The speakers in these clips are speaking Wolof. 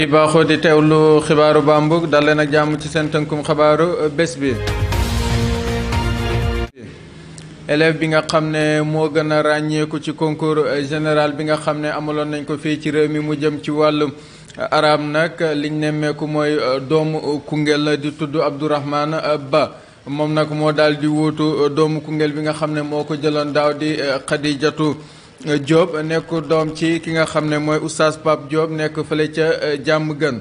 i baaxoo di teew teewlu xibaaru Bambouck dal leen ak jàmm ci seen tënkum xabaaru uh, bés bi élève bi nga xam ne moo gën a ràññeeku ci concours uh, général bi nga xam ne amaloon nañ ko fii ci réew mi mu jëm ci wàllum uh, arab nag liñ nemmeeku mooy doomu Koungheul di tudd Abdourahmane Ba moom nag moo daal di wuutu doomu Koungheul bi nga xam ne moo ko jëloon daaw di Khadijatou Diop nekk doom ci ki nga xam ne mooy oustaz Pape Diop nekk fële ca eh, jàmm gën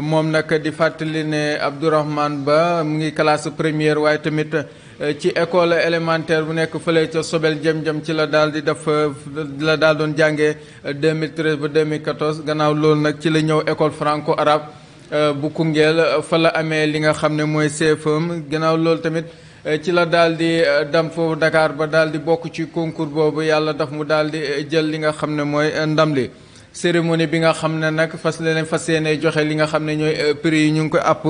moom nag di fàttali ne Abdourahmane Ba mu ngi classe première waaye tamit eh, ci école élémentaire bu nekk fële ca Sobel jëm-jëm ci la daal di def eh, la daal doon jàngee 2013 ba 2014 gannaaw loolu nag ci la ñëw école franco arabe bu Koungheul fa la amee li nga xam ne mooy CFM gannaaw loolu tamit. ci la daal di eh, dem foofu Dakar ba daal di bokk ci concours boobu yàlla daf mu daal di eh, jël li nga xam ne mooy eh, ndam li cérémonie bi nga xam ne nag fas leneen fas yéene joxe li nga xam ne ñooy prix yi ñu ngi ko àpp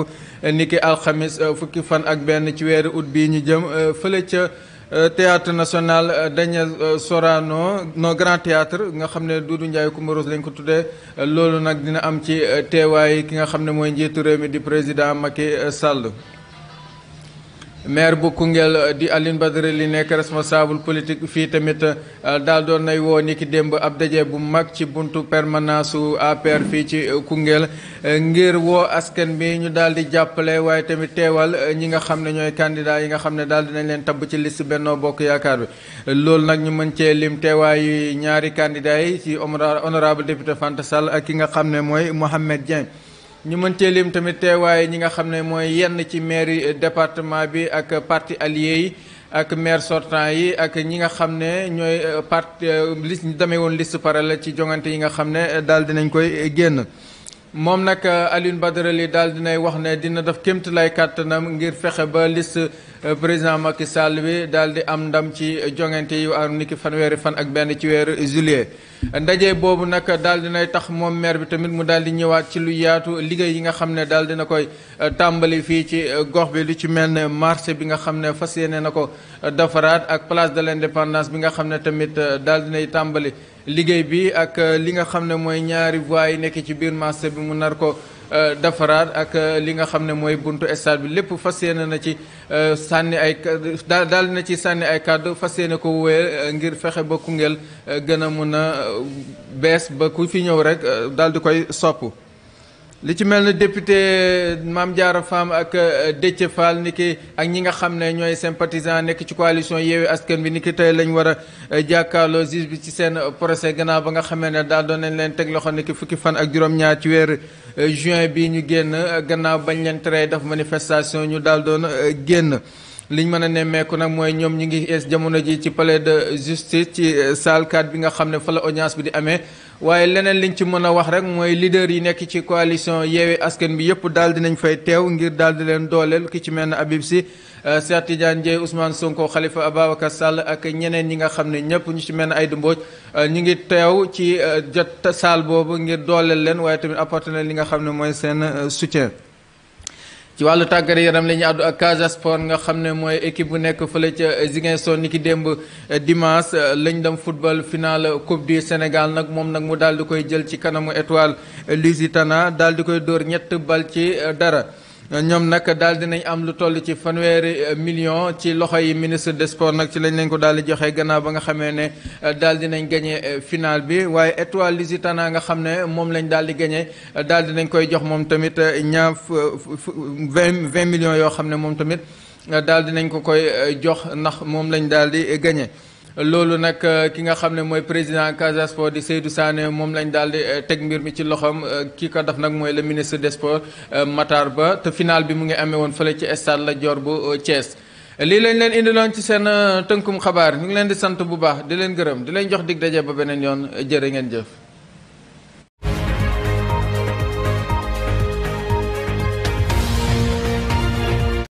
niki alxamis fukki fan ak benn ci weeru ut bii ñu jëm fële ca théâtre national Daniel Sorano no grand théâtre nga xam ne Doudou Ndiaye Coumba Rose lañ ko tuddee loolu nag dina am ci teewaay ki nga xam ne mooy njiitu réew mi di président Macky Sall maire bu Koungheul uh, di Aline Badara li nekk responsable politique fii tamit uh, daal nay woo ni ki démb ab daje bu mag ci buntu permanence su APR fii ci uh, Koungheul ngir woo askan bi ñu daal di jàppale waaye tamit teewal ñi nga xam ne ñooy candidat yi nga xam ne daal dinañ leen tabb ci liste Benno Bokk Yaakaar bi loolu nag ñu mën cee lim teewaayu ñaari candidat yi ci honorable député Fanta Sall ak ki nga xam ne mooy Mohamed Dieng ñu mën cee lim tamit waaye ñi nga xam ne mooy yenn ci mairie département bi ak parti allié yi ak maire sortant yi ak ñi nga xam ne ñooy euh, parti euh, liste ñu demee woon liste parallèle ci jongante yi nga xam ne euh, daal dinañ koy génn. moom nag euh, aline Badara Ly daal dinay wax ne dina def kémt lay kàttanam ngir fexe ba liste euh, président Macky Sall bi daal di am ndam ci jongante yi ar niki fanweeri fan ak benn ci weeru juillet ndaje boobu nag daal dinay tax moom maire bi tamit mu daal di ñëwaat ci lu yaatu liggéey yi nga xam ne daal na koy euh, tàmbali fii ci gox bi lu ci mel ne marché bi nga xam ne fas yéene na ko defaraat ak place de l'indépendance bi nga xam ne tamit daal dinay tàmbali liggéey bi ak euh, li nga xam ne mooy ñaari voies yi nekk ci biir marché bi mu nar ko euh, defaraat ak euh, li nga xam ne mooy bunt stade bi lépp fas yéene na ci sànni ay daal daal na ci sànni ay kàddu fas yéene ko wéyal ngir fexe ba Koungheul gën a mun a bees ba ku fi ñëw rek daal di koy sopp li ci mel ne député euh, maam Diarra Fam ak euh, Déthié Fall ni ki ak ñi nga xam ne ñooy sympathisant nekk ci coalition Yewwi Askan bi ni ki tey lañ war a euh, jàkkaarloo juge bi ci seen procès gannaaw ba nga xamee ne daal doon nañ leen teg loxo ni ki fukki fan ak juróom-ñaar ci weer juin bi ñu génn gannaaw bañ leen tere def manifestation ñu daal doon génn liñ mën a nemmeeku nag mooy ñoom ñu ngi jamono ji ci palais de justice ci eh, salle 4 bi nga xam ne fa la audience bi di amee waaye leneen li ñu ci mën a wax rek mooy leader yi nekk ci coalition yeewee askan bi yëpp daal dinañ fay teew ngir daal di leen dooleel ki ci mel ne Habib Sy eh, Cheikh Tidiane Dièye Ousmane Sonko Khalifa Ababacar Sall ak ñeneen ñi nga xam ne ñëpp ñu ci mel ne Aïda Mbodj eh, ñu ngi teew ci jot salle boobu ngir dooleel leen waaye tamit apporter li nga xam ne mooy seen soutien. ci wàllu tàggat yaram la ñuy àddu ak Casa Sport nga xam ne mooy équipe bu nekk fële ca Ziguinchor ni ki démb eh, dimanche eh, lañu dem football final coupe du Sénégal nag moom nag mu daal di koy jël ci kanamu étoile Lusitana daal di koy dóor ñett bal ci eh, dara. ñoom nag daal dinañ am lu toll ci fanweeri euh, million ci loxo yi ministre de sports nag ci lañ leen ko daal di joxe gannaaw ba nga xamee ne euh, daal dinañ gagné euh, final bi waaye étoile lusitana nga xam ne moom lañ daal di gagné daal dinañ koy jox moom tamit ñaar vingt vingt millions yoo xam ne moom tamit daal dinañ ko koy jox ndax moom lañ daal di gagné. loolu nag euh, ki nga xam ne mooy président Casa Sport di Seydou Sané moom lañ daal di euh, teg mbir mi ci loxoom euh, kii ko def nag mooy le ministre des sports Matar Ba te final bi mu ngi amee woon fële ci stade la joor bu Thiès. lii lañ leen indiloon ci seen tënkum xabaar ñu ngi leen di sant bu baax di leen gërëm di leen jox dig daje ba beneen yoon jërë ngeen jëf.